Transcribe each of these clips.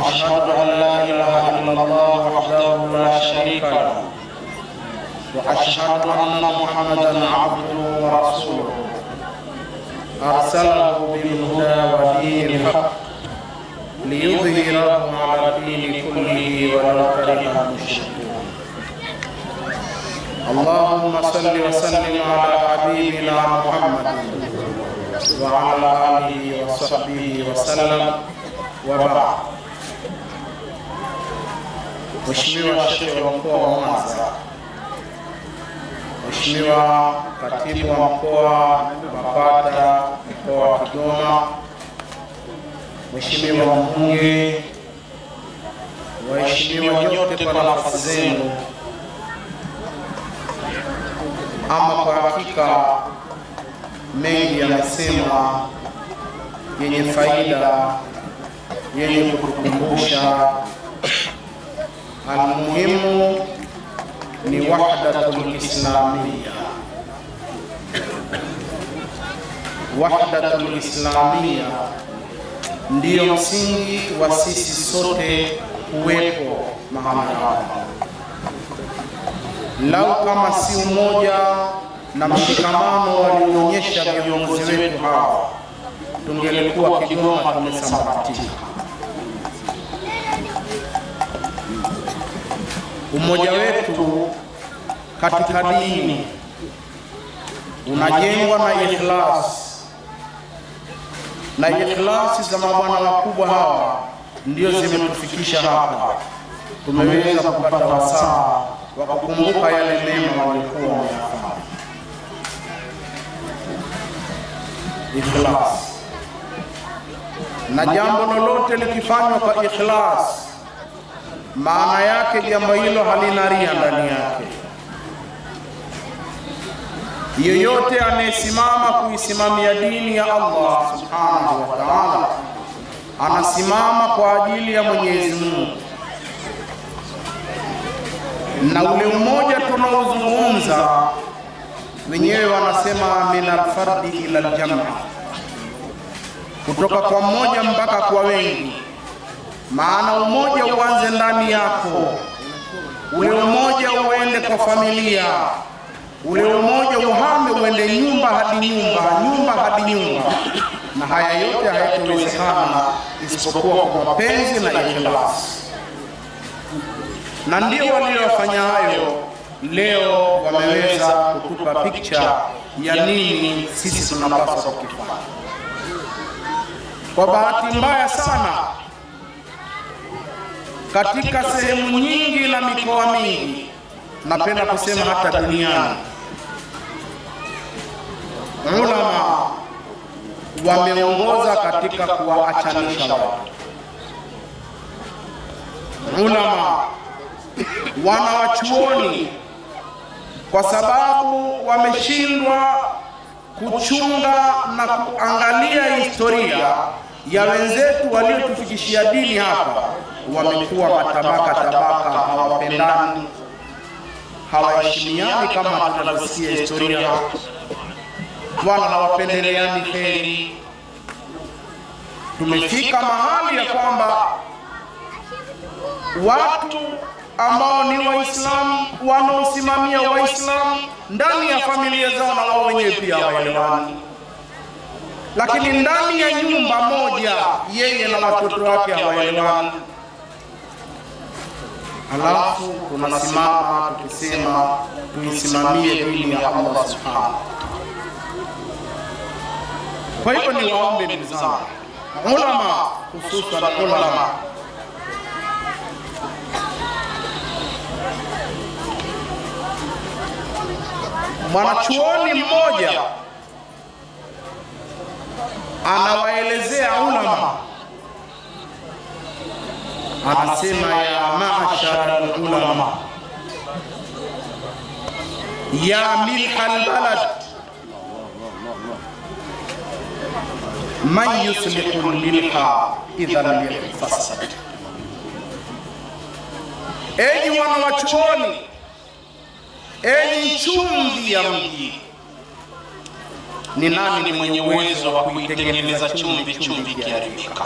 أشهد أن لا إله إلا الله وحده لا شريك له وأشهد أن محمدا عبده ورسوله أرسله بالهدى ودين الحق ليظهره على الدين كله ولو كره المشركون اللهم صل وسلم على حبيبنا محمد وعلى آله وصحبه وسلم وبعد Mheshimiwa Sheikh wa Mkoa wa Mwanza, Mheshimiwa Katibu wa Mkoa Mapata Mkoa wa Kigoma, Mheshimiwa Mbunge, waheshimiwa nyote kwa nafasi zenu. Ama kwa hakika mengi yanasema yenye faida yenye kutukumbusha almuhimu ni wahdatul islamia. Wahdatul islamia ndiyo msingi wa sisi sote kuwepo mahali hapa. Lau kama si umoja na mshikamano walionyesha viongozi wetu hawa, tungelikuwa Kigoma tumesambaratika. Umoja wetu katika dini unajengwa na ikhlasi, na ikhlasi za mabwana wakubwa hawa ndio zimetufikisha hapa, tumeweza kupata wasaa wa kukumbuka yale mema waliokuwa wameyafanya. Ikhlasi na jambo lolote likifanywa kwa ikhlasi maana yake jambo hilo halina ria ndani yake. Yoyote anayesimama kuisimamia dini ya Allah subhanahu wa ta'ala, anasimama kwa ajili ya Mwenyezi Mungu, na ule umoja tunaozungumza wenyewe wanasema min alfardi ila aljamaa, kutoka kwa mmoja mpaka kwa wengi maana umoja uanze ndani yako, ule umoja uende kwa familia, ule umoja uhame uende nyumba hadi nyumba, nyumba hadi nyumba. Na haya yote hayatawezekana isipokuwa kwa mapenzi na ikhlasi, na ndio waliofanya hayo. Leo wameweza kutupa picha ya nini sisi tunapaswa kukifanya. Kwa bahati mbaya sana katika sehemu nyingi na mikoa mingi, napenda kusema hata duniani, ulama wameongoza katika kuwaachanisha watu. Ulama wanawachuoni kwa sababu wameshindwa kuchunga na kuangalia historia ya wenzetu waliotufikishia dini hapa wamekuwa matabaka tabaka, hawapendani, hawaheshimiani kama tunavyosikia historia, wala hawapendeleani heri. Tumefika mahali ya kwamba watu ambao ni Waislamu wanaosimamia Waislamu ndani ya familia zao na wao wenyewe pia hawaelewani, lakini ndani ya nyumba moja yeye na watoto wake hawaelewani halafu tunasimama tukisema tuisimamie dini ya Allah subhanahu. Kwa hivyo ni waombe ndugu zangu ulama, hususan ulama mwanachuoni mmoja anawaelezea ulama anasema ya maashara alulama, ya milha albalad man yuslihu lmilha idha lam fasad, enyi wana wachuoni, enyi chumvi ya mji, ni nani ni mwenye uwezo wa kuitengeneza chumvi chumvi ikiharibika?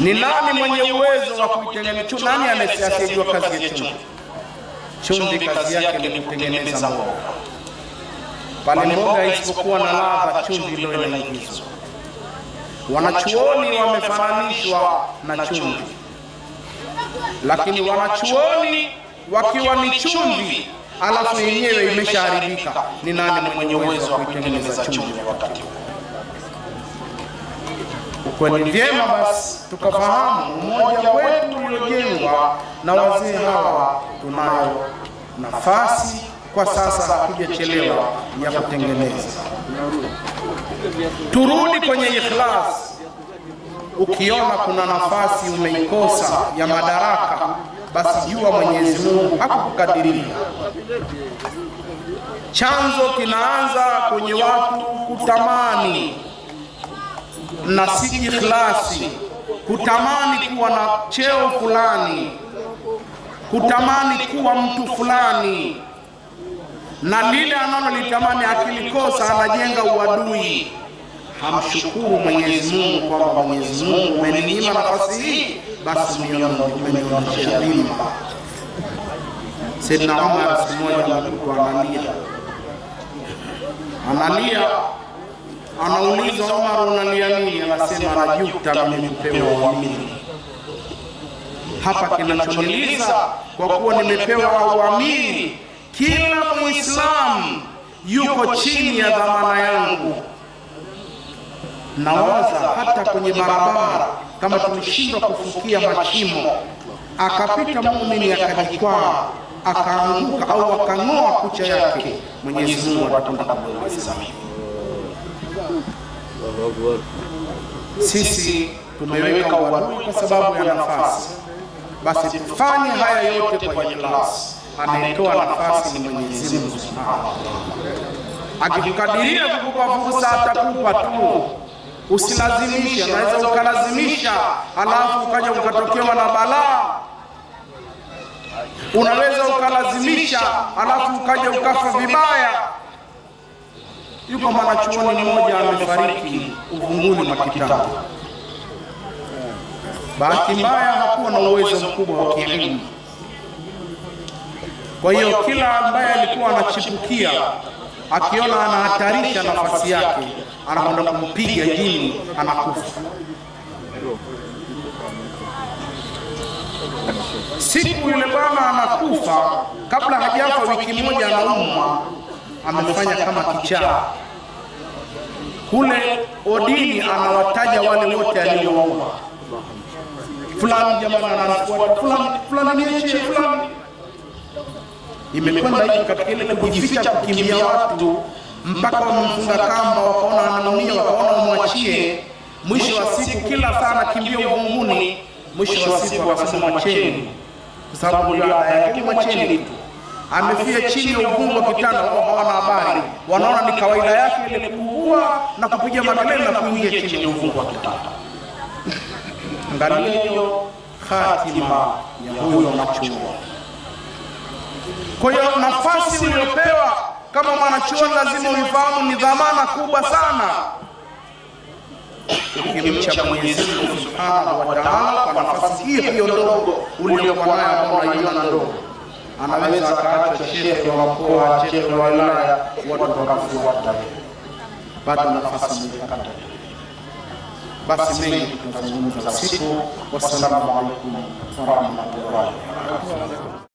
Ni nani mwenye uwezo wa kuitengeneza chumvi? Nani anayejua kazi ya chumvi? Chumvi kazi yake ni kutengeneza mboga. Pale mboga isipokuwa na ladha, chumvi ndio inaingizwa. Wanachuoni wamefananishwa na chumvi, lakini wanachuoni wakiwa ni chumvi alafu yenyewe imeshaharibika, ni nani mwenye uwezo wa kuitengeneza chumvi wakati huo? Kwa ni vyema basi tukafahamu umoja wetu uliojengwa na wazee hawa. Tunayo nafasi kwa sasa, hatujachelewa ya kutengeneza. Turudi kwenye ikhlas. Ukiona kuna nafasi umeikosa ya madaraka, basi jua Mwenyezi Mungu hakukukadiria. Chanzo kinaanza kwenye watu kutamani na si ikhlasi, kutamani kuwa na cheo fulani, kutamani kuwa mtu fulani, na lile analolitamani akilikosa anajenga uadui. Hamshukuru Mwenyezi Mungu kwamba Mwenyezi Mungu umeninyima nafasi hii, basi umenionyesha dhima. Saidina Umar siku moja mtu analia analia Anauliza, Omar, unalia nini? Anasema najuta mimi kupewa uamini. Hapa kinachoniliza kwa kuwa nimepewa uamini, kila Muislamu yuko chini ya dhamana yangu. Nawaza hata kwenye barabara kama tulishindwa kufukia mashimo, akapita muumini akajikwaa akaanguka au akang'oa kucha yake, Mwenyezi Mungu atatusamehe. Sisi tumeweka uadui kwa sababu ya nafasi, basi tufanye haya yote kwa ikhlas. Anayetoa nafasi ni Mwenyezi Mungu Subhanahu. Akikukadiria kukupa fursa atakupa tu, usilazimishe Unaweza ukalazimisha alafu ukaja ukatokewa na balaa unaweza ukalazimisha alafu ukaja ukafa vibaya yuko mwanachuoni mmoja amefariki uvunguni mwa kitabu. Bahati mbaya hakuwa na uwezo mkubwa wa kielimu, kwa hiyo kila ambaye alikuwa anachipukia akiona anahatarisha nafasi yake, anakwenda kumpiga jini, anakufa. Siku yule bwana anakufa, kabla hajafa wiki moja anaumwa amefanya kama kichaa. Kule odini anawataja wale wote aliowaua, fulani jamani anafuata fulani fulani, fulani. Imekwenda hivi katika ile kujificha, kukimbia watu mpaka wamemfunga kamba, wakaona anaumia, wakaona wamwachie. Mwisho wa siku kila saa anakimbia uvunguni, mwisho wa siku akasema mwacheni, kwa sababu ndio aya yake, mwacheni tu amefia chini ya uvungu wa kitanda, wao hawana habari, wanaona ni kawaida yake ile kuua na kupiga makelele na kuingia chini ya uvungu wa kitanda. Angalia hiyo hatima ya huyo machungwa. Kwa hiyo nafasi uliyopewa kama mwanachuoni lazima uifahamu, ni dhamana kubwa sana. Ukimcha Mwenyezi Mungu Subhanahu wa Ta'ala kwa nafasi hiyo hiyo ndogo uliyokuwa nayo, ambao unaiona ndogo anaweza akaachwa shehe wa mkoa, shehe wa wilaya, watu wakafuata bado nafasi mlipata. Basi mengi tunazungumza siku. Wassalamu alaikum warahmatullahi wabarakatuh.